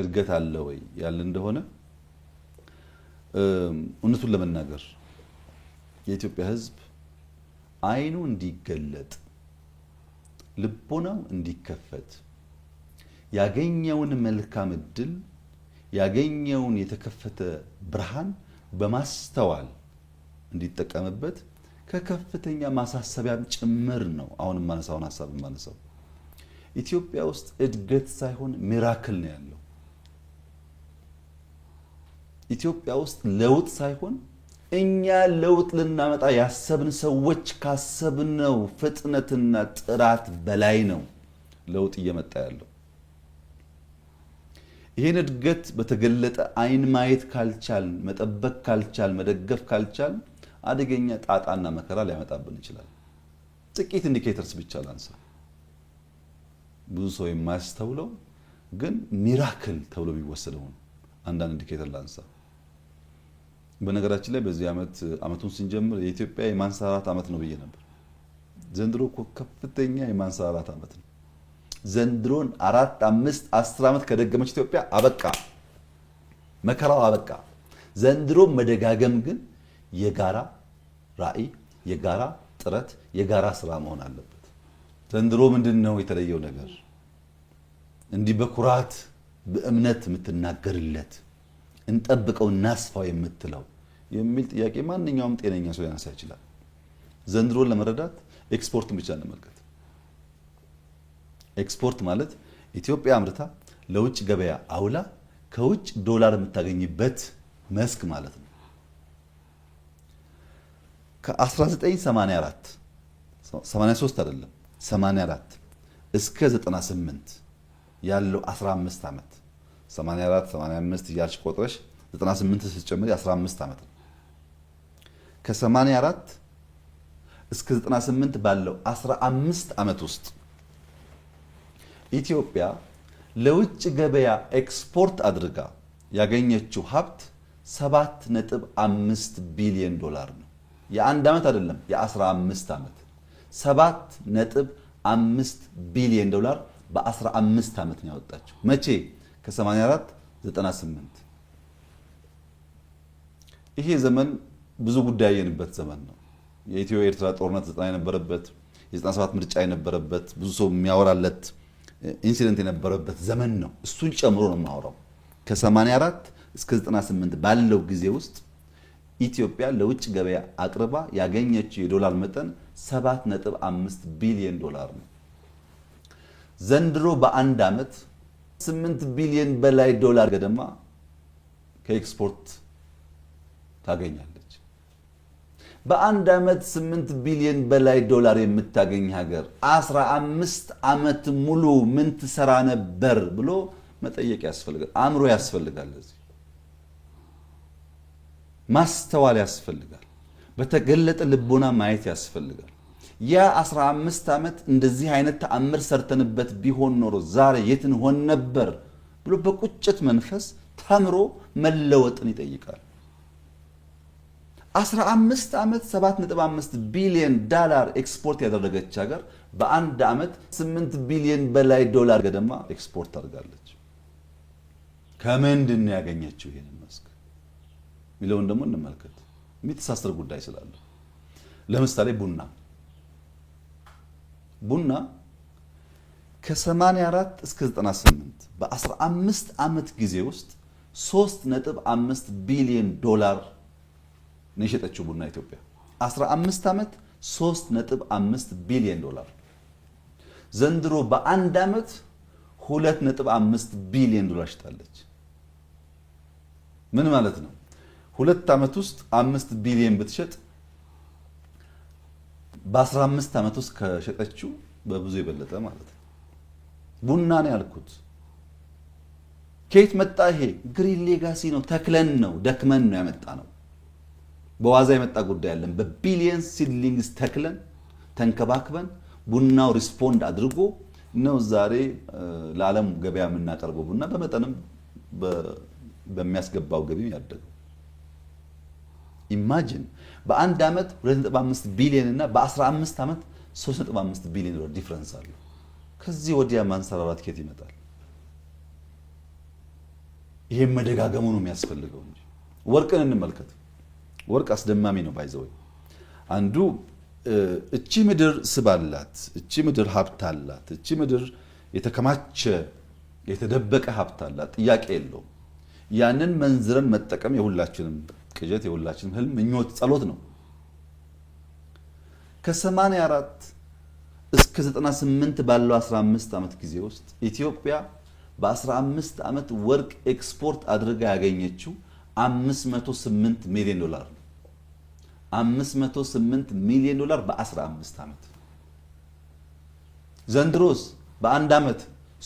እድገት አለ ወይ ያለ እንደሆነ እውነቱን ለመናገር የኢትዮጵያ ሕዝብ አይኑ እንዲገለጥ ልቦናው እንዲከፈት ያገኘውን መልካም እድል ያገኘውን የተከፈተ ብርሃን በማስተዋል እንዲጠቀምበት ከከፍተኛ ማሳሰቢያም ጭምር ነው። አሁን የማነሳውን ሀሳብ የማነሳው ኢትዮጵያ ውስጥ እድገት ሳይሆን ሚራክል ነው ያለው። ኢትዮጵያ ውስጥ ለውጥ ሳይሆን እኛ ለውጥ ልናመጣ ያሰብን ሰዎች ካሰብነው ፍጥነትና ጥራት በላይ ነው ለውጥ እየመጣ ያለው። ይህን እድገት በተገለጠ አይን ማየት ካልቻል፣ መጠበቅ ካልቻል፣ መደገፍ ካልቻል አደገኛ ጣጣና መከራ ሊያመጣብን ይችላል። ጥቂት ኢንዲኬተርስ ብቻ ላንሳ። ብዙ ሰው የማያስተውለው ግን ሚራክል ተብሎ የሚወሰደውን አንዳንድ ኢንዲኬተር ላንሳ። በነገራችን ላይ በዚህ ዓመት ዓመቱን ስንጀምር የኢትዮጵያ የማንሰራራት ዓመት ነው ብዬ ነበር። ዘንድሮ እኮ ከፍተኛ የማንሰራራት ዓመት ነው። ዘንድሮን አራት አምስት አስር ዓመት ከደገመች ኢትዮጵያ አበቃ፣ መከራው አበቃ። ዘንድሮ መደጋገም ግን የጋራ ራዕይ፣ የጋራ ጥረት፣ የጋራ ስራ መሆን አለበት። ዘንድሮ ምንድን ነው የተለየው ነገር? እንዲህ በኩራት በእምነት የምትናገርለት እንጠብቀው እናስፋው የምትለው የሚል ጥያቄ ማንኛውም ጤነኛ ሰው ሊያነሳ ይችላል። ዘንድሮን ለመረዳት ኤክስፖርትን ብቻ እንመልከት። ኤክስፖርት ማለት ኢትዮጵያ አምርታ ለውጭ ገበያ አውላ ከውጭ ዶላር የምታገኝበት መስክ ማለት ነው። ከ1984 83 አይደለም 84 እስከ 98 ያለው 15 ዓመት 84 85 እያልሽ ቆጥረሽ 98 ስትጨምሪ 15 ዓመት ነው። ከ84 እስከ 98 ባለው 15 ዓመት ውስጥ ኢትዮጵያ ለውጭ ገበያ ኤክስፖርት አድርጋ ያገኘችው ሀብት 7.5 ቢሊዮን ዶላር ነው። የአንድ ዓመት አይደለም፣ የ15 ዓመት 7.5 ቢሊዮን ዶላር በ15 ዓመት ነው ያወጣችው። መቼ ከ84 98 ይሄ ዘመን ብዙ ጉዳይ ያየንበት ዘመን ነው። የኢትዮ ኤርትራ ጦርነት ዘጠና የነበረበት የ97 ምርጫ የነበረበት ብዙ ሰው የሚያወራለት ኢንሲደንት የነበረበት ዘመን ነው። እሱን ጨምሮ ነው የማወራው። ከ84 እስከ 98 ባለው ጊዜ ውስጥ ኢትዮጵያ ለውጭ ገበያ አቅርባ ያገኘችው የዶላር መጠን 7.5 ቢሊዮን ዶላር ነው። ዘንድሮ በአንድ ዓመት 8 ቢሊዮን በላይ ዶላር ገደማ ከኤክስፖርት ታገኛለች። በአንድ ዓመት 8 ቢሊዮን በላይ ዶላር የምታገኝ ሀገር አስራ አምስት ዓመት ሙሉ ምን ትሰራ ነበር ብሎ መጠየቅ ያስፈልጋል። አእምሮ ያስፈልጋል። ለዚህ ማስተዋል ያስፈልጋል። በተገለጠ ልቦና ማየት ያስፈልጋል። ያ 15 ዓመት እንደዚህ አይነት ተአምር ሰርተንበት ቢሆን ኖሮ ዛሬ የት እንሆን ነበር ብሎ በቁጭት መንፈስ ተምሮ መለወጥን ይጠይቃል። 15 ዓመት 7.5 ቢሊዮን ዳላር ኤክስፖርት ያደረገች ሀገር በአንድ ዓመት 8 ቢሊዮን በላይ ዶላር ገደማ ኤክስፖርት አድርጋለች። ከምንድን ያገኘችው ይሄንን መስክ የሚለውን ደግሞ እንመልከት። የሚተሳሰር ጉዳይ ስላለ ለምሳሌ ቡና ቡና ከ84 እስከ 98 በ15 ዓመት ጊዜ ውስጥ 3.5 ቢሊዮን ዶላር ነው የሸጠችው ቡና ኢትዮጵያ። 15 ዓመት 3.5 ቢሊዮን ዶላር። ዘንድሮ በአንድ ዓመት 2.5 ቢሊዮን ዶላር ሽጣለች። ምን ማለት ነው? ሁለት ዓመት ውስጥ አምስት ቢሊዮን ብትሸጥ በ15 ዓመት ውስጥ ከሸጠችው በብዙ የበለጠ ማለት ነው። ቡና ነው ያልኩት። ከየት መጣ ይሄ? ግሪን ሌጋሲ ነው። ተክለን ነው ደክመን ነው ያመጣ ነው። በዋዛ የመጣ ጉዳይ አለን። በቢሊየን ሲድሊንግስ ተክለን ተንከባክበን ቡናው ሪስፖንድ አድርጎ ነው ዛሬ ለዓለም ገበያ የምናቀርበው ቡና በመጠንም በሚያስገባው ገቢም ያደገው። ኢማጂን በአንድ ዓመት 2.5 ቢሊዮን እና በ15 ዓመት 3.5 ቢሊዮን ዶላር ዲፍረንስ አለ። ከዚህ ወዲያ ማንሰራራት ኬት ይመጣል? ይሄም መደጋገሙ ነው የሚያስፈልገው እንጂ ወርቅን እንመልከት። ወርቅ አስደማሚ ነው ባይዘው አንዱ እቺ ምድር ስባላት፣ እቺ ምድር ሀብት አላት፣ እቺ ምድር የተከማቸ የተደበቀ ሀብት አላት፣ ጥያቄ የለውም። ያንን መንዝረን መጠቀም የሁላችንም ቅዠት የሁላችንም ህልም፣ ምኞት፣ ጸሎት ነው። ከ84 እስከ 98 ባለው 15 ዓመት ጊዜ ውስጥ ኢትዮጵያ በ15 ዓመት ወርቅ ኤክስፖርት አድርጋ ያገኘችው 508 ሚሊዮን ዶላር ነው። 508 ሚሊዮን ዶላር በ15 ዓመት። ዘንድሮስ በአንድ ዓመት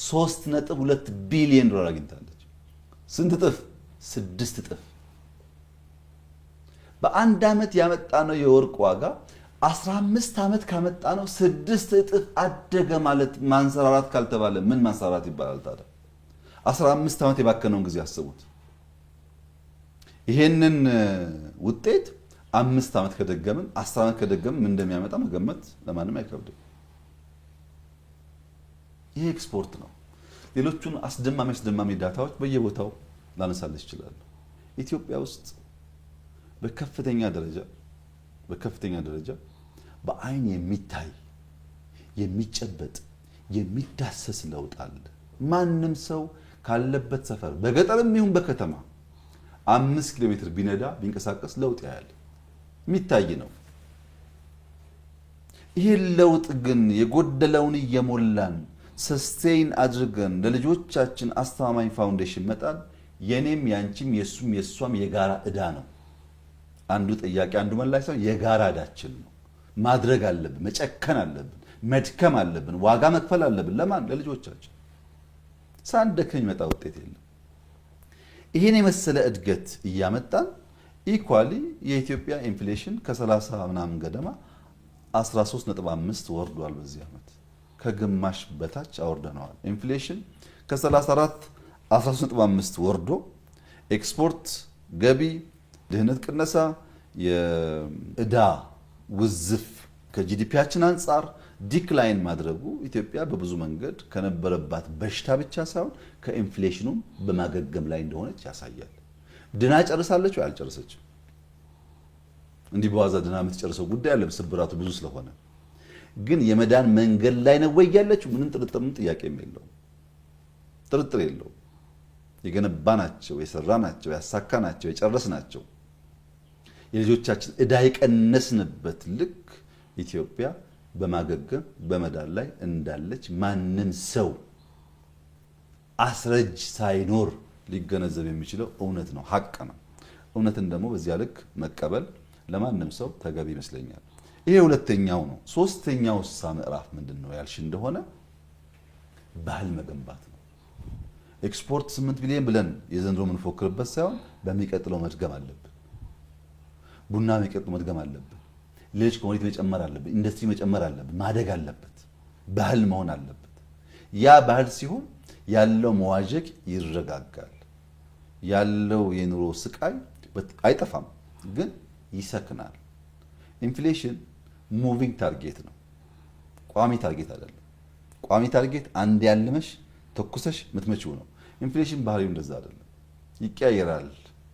3.2 ቢሊዮን ዶላር አግኝታለች። ስንት እጥፍ? ስድስት እጥፍ። በአንድ ዓመት ያመጣነው የወርቅ ዋጋ 15 ዓመት ካመጣነው ስድስት እጥፍ አደገ ማለት ማንሰራራት ካልተባለ ምን ማንሰራራት ይባላል ታዲያ? 15 ዓመት የባከነውን ጊዜ አስቡት። ይሄንን ውጤት አምስት ዓመት ከደገምን አስር ዓመት ከደገምን ምን እንደሚያመጣ መገመት ለማንም አይከብድም። ይሄ ኤክስፖርት ነው። ሌሎቹን አስደማሚ አስደማሚ ዳታዎች በየቦታው ላነሳልሽ ይችላሉ። ኢትዮጵያ ውስጥ በከፍተኛ ደረጃ በከፍተኛ ደረጃ በአይን የሚታይ የሚጨበጥ የሚዳሰስ ለውጥ አለ። ማንም ሰው ካለበት ሰፈር በገጠርም ይሁን በከተማ አምስት ኪሎ ሜትር ቢነዳ ቢንቀሳቀስ ለውጥ ያያል። የሚታይ ነው። ይህን ለውጥ ግን የጎደለውን እየሞላን ሰስቴይን አድርገን ለልጆቻችን አስተማማኝ ፋውንዴሽን መጣል የኔም ያንቺም የሱም የሷም የጋራ ዕዳ ነው። አንዱ ጥያቄ አንዱ መላሽ ሰው የጋራ ዳችን ነው። ማድረግ አለብን፣ መጨከን አለብን፣ መድከም አለብን፣ ዋጋ መክፈል አለብን። ለማን? ለልጆቻችን። ሳንደክም የሚመጣ ውጤት የለም። ይህን የመሰለ እድገት እያመጣን ኢኳሊ የኢትዮጵያ ኢንፍሌሽን ከ30 ምናምን ገደማ 13.5 ወርዷል። በዚህ ዓመት ከግማሽ በታች አወርደነዋል። ኢንፍሌሽን ከ34 13.5 ወርዶ ኤክስፖርት ገቢ ድህነት ቅነሳ፣ የእዳ ውዝፍ ከጂዲፒያችን አንጻር ዲክላይን ማድረጉ ኢትዮጵያ በብዙ መንገድ ከነበረባት በሽታ ብቻ ሳይሆን ከኢንፍሌሽኑም በማገገም ላይ እንደሆነች ያሳያል። ድና ጨርሳለች ወይ አልጨረሰችም? እንዲህ በዋዛ ድና የምትጨርሰው ጉዳይ አለም ስብራቱ ብዙ ስለሆነ ግን የመዳን መንገድ ላይ ነው ወይ ያለችው? ምንም ጥርጥር ጥያቄም የለውም፣ ጥርጥር የለውም። የገነባ ናቸው፣ የሰራ ናቸው፣ ያሳካ ናቸው፣ የጨረስ ናቸው የልጆቻችን ዕዳ የቀነስንበት ልክ ኢትዮጵያ በማገገም በመዳን ላይ እንዳለች ማንም ሰው አስረጅ ሳይኖር ሊገነዘብ የሚችለው እውነት ነው፣ ሀቅ ነው። እውነትን ደግሞ በዚያ ልክ መቀበል ለማንም ሰው ተገቢ ይመስለኛል። ይሄ ሁለተኛው ነው። ሶስተኛው እሳ ምዕራፍ ምንድን ነው ያልሽ እንደሆነ ባህል መገንባት ነው። ኤክስፖርት ስምንት ቢሊዮን ብለን የዘንድሮ የምንፎክርበት ሳይሆን በሚቀጥለው መድገም አለብን። ቡና መቀጡ መድገም አለብን። ሌሎች ኮሚኒቲ መጨመር አለብን። ኢንዱስትሪ መጨመር አለብን። ማደግ አለበት። ባህል መሆን አለበት። ያ ባህል ሲሆን ያለው መዋዠቅ ይረጋጋል። ያለው የኑሮ ስቃይ አይጠፋም፣ ግን ይሰክናል። ኢንፍሌሽን ሙቪንግ ታርጌት ነው፣ ቋሚ ታርጌት አይደለም። ቋሚ ታርጌት አንድ ያልመሽ ተኩሰሽ ምትመችው ነው። ኢንፍሌሽን ባህሪው እንደዛ አይደለም፣ ይቀያየራል።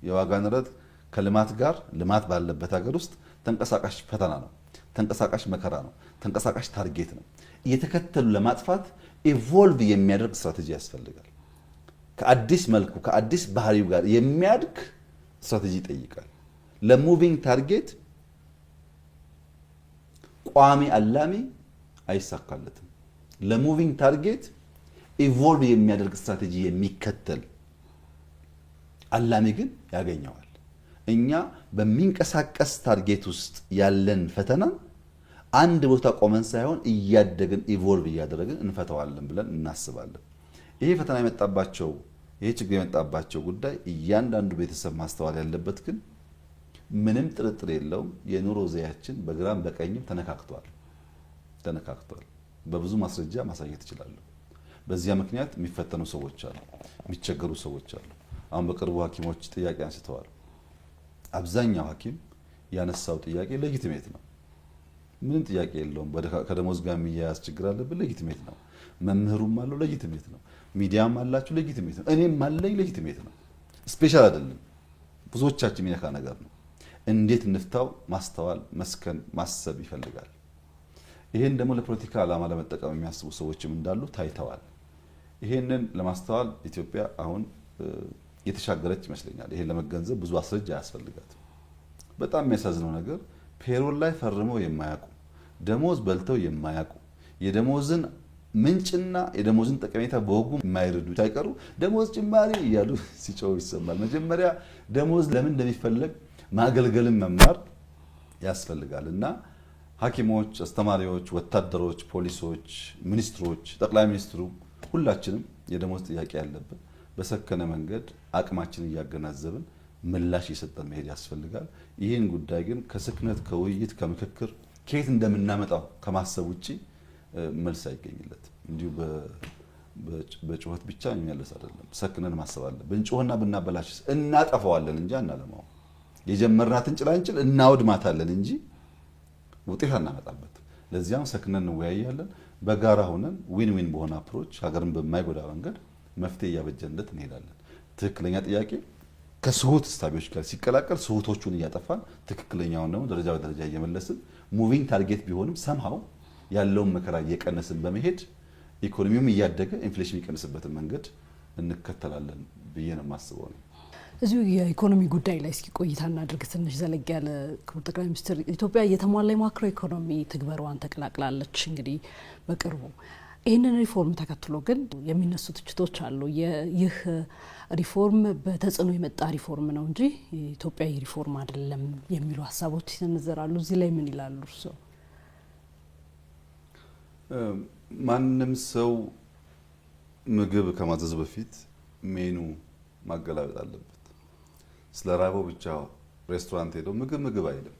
የዋጋ ንረት ከልማት ጋር ልማት ባለበት ሀገር ውስጥ ተንቀሳቃሽ ፈተና ነው፣ ተንቀሳቃሽ መከራ ነው፣ ተንቀሳቃሽ ታርጌት ነው። እየተከተሉ ለማጥፋት ኢቮልቭ የሚያደርግ ስትራቴጂ ያስፈልጋል። ከአዲስ መልኩ ከአዲስ ባህሪው ጋር የሚያድግ ስትራቴጂ ይጠይቃል። ለሙቪንግ ታርጌት ቋሚ አላሚ አይሳካለትም። ለሙቪንግ ታርጌት ኢቮልቭ የሚያደርግ ስትራቴጂ የሚከተል አላሚ ግን ያገኘዋል። እኛ በሚንቀሳቀስ ታርጌት ውስጥ ያለን ፈተና አንድ ቦታ ቆመን ሳይሆን እያደግን ኢቮልቭ እያደረግን እንፈተዋለን ብለን እናስባለን። ይሄ ፈተና የመጣባቸው ይሄ ችግር የመጣባቸው ጉዳይ እያንዳንዱ ቤተሰብ ማስተዋል ያለበት ግን ምንም ጥርጥር የለውም የኑሮ ዘያችን በግራም በቀኝም ተነካክቷል ተነካክቷል። በብዙ ማስረጃ ማሳየት እችላለሁ። በዚያ ምክንያት የሚፈተኑ ሰዎች አሉ፣ የሚቸገሩ ሰዎች አሉ። አሁን በቅርቡ ሐኪሞች ጥያቄ አንስተዋል። አብዛኛው ሐኪም ያነሳው ጥያቄ ሌጂቲሜት ነው። ምንም ጥያቄ የለውም። ከደሞዝ ጋር የሚያያዝ ችግር አለብን፣ ሌጂቲሜት ነው። መምህሩም አለው፣ ሌጂቲሜት ነው። ሚዲያም አላችሁ፣ ሌጂቲሜት ነው። እኔም አለኝ፣ ሌጂቲሜት ነው። ስፔሻል አይደለም፣ ብዙዎቻችን የሚነካ ነገር ነው። እንዴት እንፍታው? ማስተዋል፣ መስከን፣ ማሰብ ይፈልጋል። ይሄን ደግሞ ለፖለቲካ ዓላማ ለመጠቀም የሚያስቡ ሰዎችም እንዳሉ ታይተዋል። ይሄንን ለማስተዋል ኢትዮጵያ አሁን የተሻገረች ይመስለኛል። ይሄን ለመገንዘብ ብዙ አስረጃ ያስፈልጋት በጣም የሚያሳዝነው ነገር ፔሮል ላይ ፈርመው የማያውቁ ደሞዝ በልተው የማያውቁ የደሞዝን ምንጭና የደሞዝን ጠቀሜታ በወጉ የማይረዱ ሳይቀሩ ደሞዝ ጭማሪ እያሉ ሲጮው ይሰማል። መጀመሪያ ደሞዝ ለምን እንደሚፈለግ ማገልገልን መማር ያስፈልጋል እና ሐኪሞች፣ አስተማሪዎች፣ ወታደሮች፣ ፖሊሶች፣ ሚኒስትሮች፣ ጠቅላይ ሚኒስትሩ ሁላችንም የደሞዝ ጥያቄ ያለብን በሰከነ መንገድ አቅማችን እያገናዘብን ምላሽ እየሰጠን መሄድ ያስፈልጋል። ይህን ጉዳይ ግን ከስክነት ከውይይት ከምክክር ከየት እንደምናመጣው ከማሰብ ውጭ መልስ አይገኝለት። እንዲሁ በጩኸት ብቻ የሚመለስ አይደለም። ሰክነን ማሰብ አለን። ብናበላሽ ብናበላሽስ እናጠፋዋለን እንጂ አናለማው። የጀመርናትን ጭላንጭል እናወድማታለን እንጂ ውጤት አናመጣበት። ለዚያም ሰክነን እንወያያለን። በጋራ ሆነን ዊን ዊን በሆነ አፕሮች ሀገርን በማይጎዳ መንገድ መፍትሄ እያበጀንለት እንሄዳለን። ትክክለኛ ጥያቄ ከስሁት እሳቤዎች ጋር ሲቀላቀል ስሁቶቹን እያጠፋን ትክክለኛውን ደግሞ ደረጃ በደረጃ እየመለስን ሙቪንግ ታርጌት ቢሆንም ሰምሃው ያለውን መከራ እየቀነስን በመሄድ ኢኮኖሚውም እያደገ ኢንፍሌሽን የሚቀንስበትን መንገድ እንከተላለን ብዬ ነው የማስበው። ነው እዚሁ የኢኮኖሚ ጉዳይ ላይ እስኪ ቆይታ እናድርግ ትንሽ ዘለግ ያለ። ክቡር ጠቅላይ ሚኒስትር ኢትዮጵያ የተሟላ የማክሮ ኢኮኖሚ ትግበራዋን ተቀላቅላለች እንግዲህ በቅርቡ ይህንን ሪፎርም ተከትሎ ግን የሚነሱ ትችቶች አሉ። ይህ ሪፎርም በተጽዕኖ የመጣ ሪፎርም ነው እንጂ ኢትዮጵያዊ ሪፎርም አይደለም የሚሉ ሀሳቦች ይሰነዘራሉ። እዚህ ላይ ምን ይላሉ እርስዎ? ማንም ሰው ምግብ ከማዘዝ በፊት ሜኑ ማገላበጥ አለበት። ስለ ራበው ብቻ ሬስቶራንት ሄደው ምግብ ምግብ አይልም።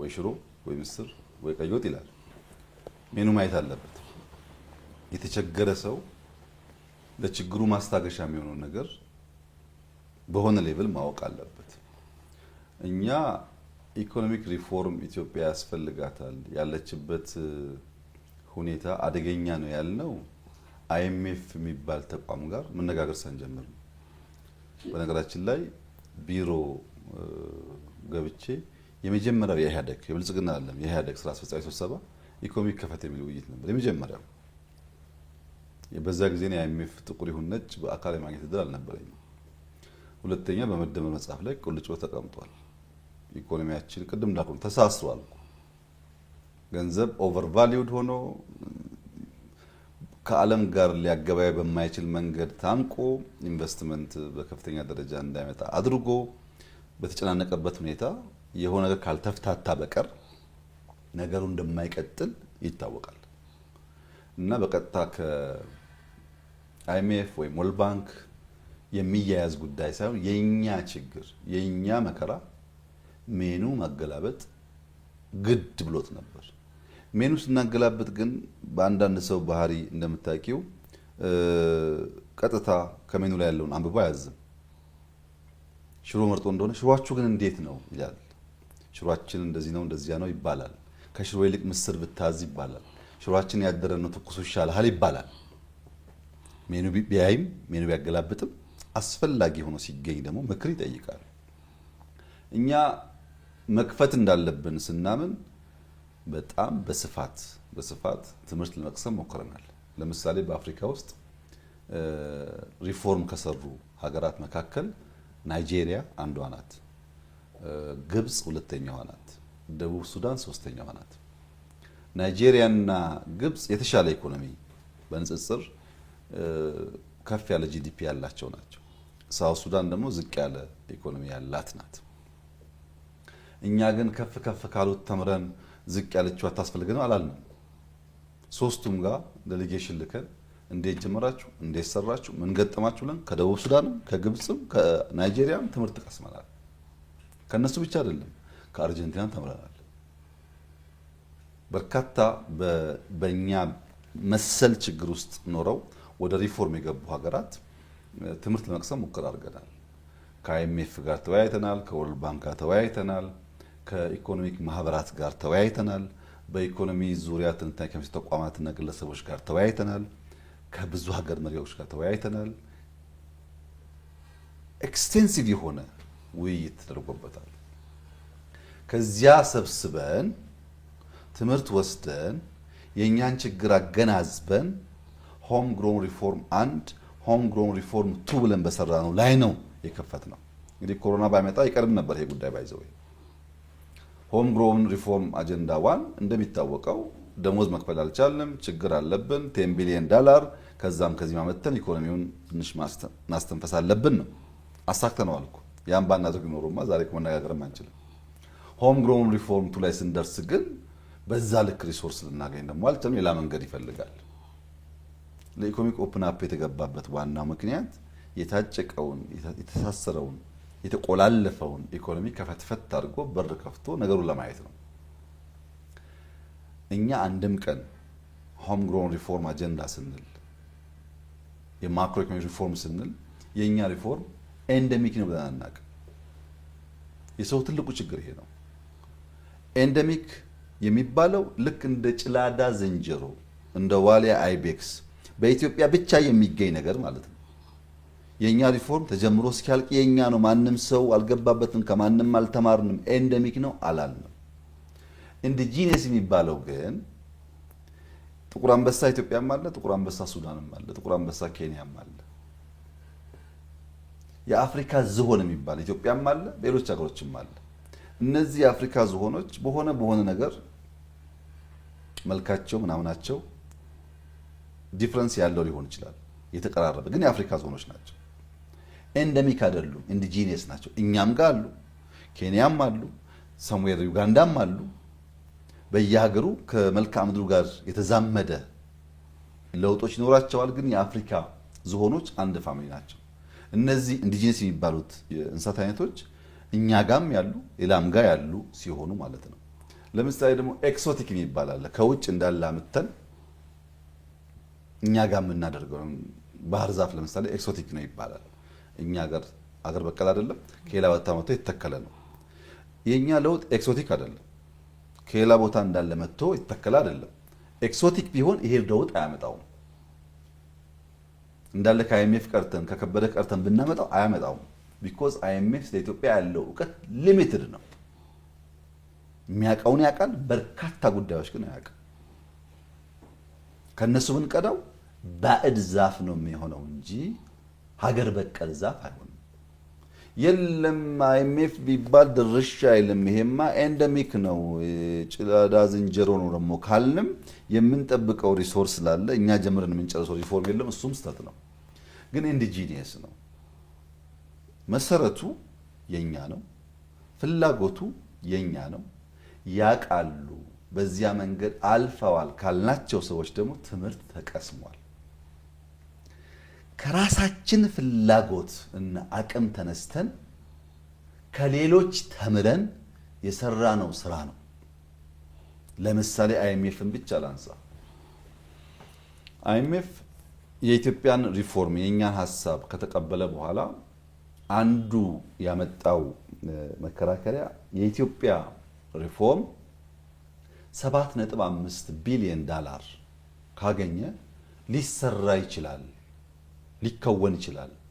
ወይ ሽሮ ወይ ምስር ወይ ቀይ ወጥ ይላል። ሜኑ ማየት አለበት። የተቸገረ ሰው ለችግሩ ማስታገሻ የሚሆነው ነገር በሆነ ሌቭል ማወቅ አለበት። እኛ ኢኮኖሚክ ሪፎርም ኢትዮጵያ ያስፈልጋታል፣ ያለችበት ሁኔታ አደገኛ ነው ያልነው አይኤምኤፍ የሚባል ተቋም ጋር መነጋገር ሳንጀምር ነው። በነገራችን ላይ ቢሮ ገብቼ የመጀመሪያው የኢህአዴግ የብልጽግና አለም የኢህአዴግ ስራ አስፈጻሚ ስብሰባ ኢኮኖሚክ ከፈት የሚል ውይይት ነበር የመጀመሪያው በዛ ጊዜ ነው አይኤምኤፍ ጥቁር ይሁን ነጭ በአካል የማግኘት እድል አልነበረኝም። ሁለተኛ በመደመር መጽሐፍ ላይ ቁልጭ ተቀምጧል። ኢኮኖሚያችን ቅድም እንዳልኩ ተሳስሯል። ገንዘብ ኦቨር ቫሊውድ ሆኖ ከዓለም ጋር ሊያገበያ በማይችል መንገድ ታንቆ ኢንቨስትመንት በከፍተኛ ደረጃ እንዳይመጣ አድርጎ በተጨናነቀበት ሁኔታ የሆነ ነገር ካልተፍታታ በቀር ነገሩ እንደማይቀጥል ይታወቃል እና በቀጥታ አይምኤፍ ወይም ወርልድ ባንክ የሚያያዝ ጉዳይ ሳይሆን የእኛ ችግር የእኛ መከራ ሜኑ ማገላበጥ ግድ ብሎት ነበር። ሜኑ ስናገላበጥ ግን በአንዳንድ ሰው ባህሪ እንደምታውቂው ቀጥታ ከሜኑ ላይ ያለውን አንብቦ አያዝም። ሽሮ መርጦ እንደሆነ ሽሯችሁ ግን እንዴት ነው ይላል። ሽሯችን እንደዚህ ነው እንደዚያ ነው ይባላል። ከሽሮ ይልቅ ምስር ብታዝ ይባላል። ሽሯችን ያደረ ነው ትኩሱ ይሻልሃል ይባላል። ሜኑ ቢያይም ሜኑ ቢያገላብጥም አስፈላጊ ሆኖ ሲገኝ ደግሞ ምክር ይጠይቃል። እኛ መክፈት እንዳለብን ስናምን በጣም በስፋት በስፋት ትምህርት ለመቅሰም ሞክረናል። ለምሳሌ በአፍሪካ ውስጥ ሪፎርም ከሰሩ ሀገራት መካከል ናይጄሪያ አንዷ ናት። ግብፅ ሁለተኛዋ ናት። ደቡብ ሱዳን ሶስተኛዋ ናት። ናይጄሪያና ግብፅ የተሻለ ኢኮኖሚ በንጽጽር ከፍ ያለ ጂዲፒ ያላቸው ናቸው። ሳውት ሱዳን ደግሞ ዝቅ ያለ ኢኮኖሚ ያላት ናት። እኛ ግን ከፍ ከፍ ካሉት ተምረን ዝቅ ያለችው አታስፈልገንም አላልንም። ሶስቱም ጋር ዴሌጌሽን ልከን እንዴት ጀመራችሁ፣ እንዴት ሰራችሁ፣ ምን ገጠማችሁ ብለን ከደቡብ ሱዳንም ከግብፅም ከናይጄሪያም ትምህርት ቀስመናል። ከእነሱ ብቻ አይደለም ከአርጀንቲናም ተምረናል። በርካታ በእኛ መሰል ችግር ውስጥ ኖረው ወደ ሪፎርም የገቡ ሀገራት ትምህርት ለመቅሰም ሙከራ አድርገናል። ከአይኤምኤፍ ጋር ተወያይተናል። ከወርልድ ባንክ ጋር ተወያይተናል። ከኢኮኖሚክ ማህበራት ጋር ተወያይተናል። በኢኮኖሚ ዙሪያ ትንታኔ ከሚሰጡ ተቋማትና ግለሰቦች ጋር ተወያይተናል። ከብዙ ሀገር መሪዎች ጋር ተወያይተናል። ኤክስቴንሲቭ የሆነ ውይይት ተደርጎበታል። ከዚያ ሰብስበን ትምህርት ወስደን የእኛን ችግር አገናዝበን ሆም ግሮን ሪፎርም አንድ ሆም ግሮን ሪፎርም ቱ ብለን በሰራ ነው ላይ ነው የከፈት ነው። እንግዲህ ኮሮና ባይመጣ ይቀርም ነበር ይሄ ጉዳይ ባይዘው። ሆም ግሮን ሪፎርም አጀንዳ ዋን እንደሚታወቀው ደሞዝ መክፈል አልቻልንም፣ ችግር አለብን። ቴን ቢሊየን ዳላር ከዛም ከዚህ ማመተን ኢኮኖሚውን ትንሽ ማስተንፈስ አለብን ነው አሳክተነዋል እኮ ያን ባናደርግ ኖሮማ ዛሬ መነጋገርም አንችልም። ሆም ግሮን ሪፎርም ቱ ላይ ስንደርስ ግን በዛ ልክ ሪሶርስ ልናገኝ ደግሞ አልቻልንም። ሌላ መንገድ ይፈልጋል። ለኢኮኖሚክ ኦፕን አፕ የተገባበት ዋናው ምክንያት የታጨቀውን፣ የተሳሰረውን፣ የተቆላለፈውን ኢኮኖሚ ከፈትፈት አድርጎ በር ከፍቶ ነገሩን ለማየት ነው። እኛ አንድም ቀን ሆም ግሮን ሪፎርም አጀንዳ ስንል የማክሮ ኢኮኖሚ ሪፎርም ስንል የእኛ ሪፎርም ኤንደሚክ ነው ብለን አናውቅም። የሰው ትልቁ ችግር ይሄ ነው። ኤንደሚክ የሚባለው ልክ እንደ ጭላዳ ዝንጀሮ እንደ ዋሊያ አይቤክስ በኢትዮጵያ ብቻ የሚገኝ ነገር ማለት ነው። የእኛ ሪፎርም ተጀምሮ እስኪያልቅ የእኛ ነው። ማንም ሰው አልገባበትም፣ ከማንም አልተማርንም፣ ኤንደሚክ ነው አላልንም። ኢንዲጂነስ የሚባለው ግን ጥቁር አንበሳ ኢትዮጵያም አለ፣ ጥቁር አንበሳ ሱዳንም አለ፣ ጥቁር አንበሳ ኬንያም አለ። የአፍሪካ ዝሆን የሚባል ኢትዮጵያም አለ፣ ሌሎች ሀገሮችም አለ። እነዚህ የአፍሪካ ዝሆኖች በሆነ በሆነ ነገር መልካቸው ምናምናቸው ዲፍረንስ ያለው ሊሆን ይችላል። የተቀራረበ ግን የአፍሪካ ዞኖች ናቸው። ኤንደሚክ አይደሉም፣ ኢንዲጂኒየስ ናቸው። እኛም ጋር አሉ፣ ኬንያም አሉ፣ ሰምዌር ዩጋንዳም አሉ። በየሀገሩ ከመልክዓ ምድሩ ጋር የተዛመደ ለውጦች ይኖራቸዋል። ግን የአፍሪካ ዝሆኖች አንድ ፋሚሊ ናቸው። እነዚህ ኢንዲጂነስ የሚባሉት የእንስሳት አይነቶች እኛ ጋም ያሉ ሌላም ጋ ያሉ ሲሆኑ ማለት ነው። ለምሳሌ ደግሞ ኤክሶቲክ የሚባል አለ ከውጭ እንዳለ አምጥተን እኛ ጋር የምናደርገው ባህር ዛፍ ለምሳሌ ኤክሶቲክ ነው ይባላል። እኛ ጋር አገር በቀል አይደለም፣ ከሌላ ቦታ መጥቶ የተተከለ ነው። የእኛ ለውጥ ኤክሶቲክ አይደለም፣ ከሌላ ቦታ እንዳለ መጥቶ የተተከለ አይደለም። ኤክሶቲክ ቢሆን ይሄ ለውጥ አያመጣውም። እንዳለ ከአይኤምኤፍ ቀርተን ከከበደ ቀርተን ብናመጣው አያመጣውም። ቢኮዝ አይኤምኤፍ ለኢትዮጵያ ያለው እውቀት ሊሚትድ ነው። የሚያውቀውን ያውቃል፣ በርካታ ጉዳዮች ግን አያውቅም። ከእነሱ ብንቀዳው ባዕድ ዛፍ ነው የሚሆነው እንጂ ሀገር በቀል ዛፍ አይሆንም። የለም አይኤምኤፍ ቢባል ድርሻ አይልም። ይሄማ ኤንደሚክ ነው፣ ጭላዳ ዝንጀሮ ነው። ደግሞ ካልንም የምንጠብቀው ሪሶርስ ስላለ እኛ ጀምረን የምንጨርሰው ሪፎርም የለም። እሱም ስተት ነው፣ ግን ኢንዲጂኒየስ ነው። መሰረቱ የኛ ነው፣ ፍላጎቱ የኛ ነው። ያቃሉ በዚያ መንገድ አልፈዋል ካልናቸው ሰዎች ደግሞ ትምህርት ተቀስሟል። ከራሳችን ፍላጎት እና አቅም ተነስተን ከሌሎች ተምረን የሰራነው ስራ ነው። ለምሳሌ አይኤምኤፍን ብቻ ላንሳ። አይኤምኤፍ የኢትዮጵያን ሪፎርም የእኛን ሀሳብ ከተቀበለ በኋላ አንዱ ያመጣው መከራከሪያ የኢትዮጵያ ሪፎርም 7.5 ቢሊዮን ዳላር ካገኘ ሊሰራ ይችላል ሊከወን ይችላል።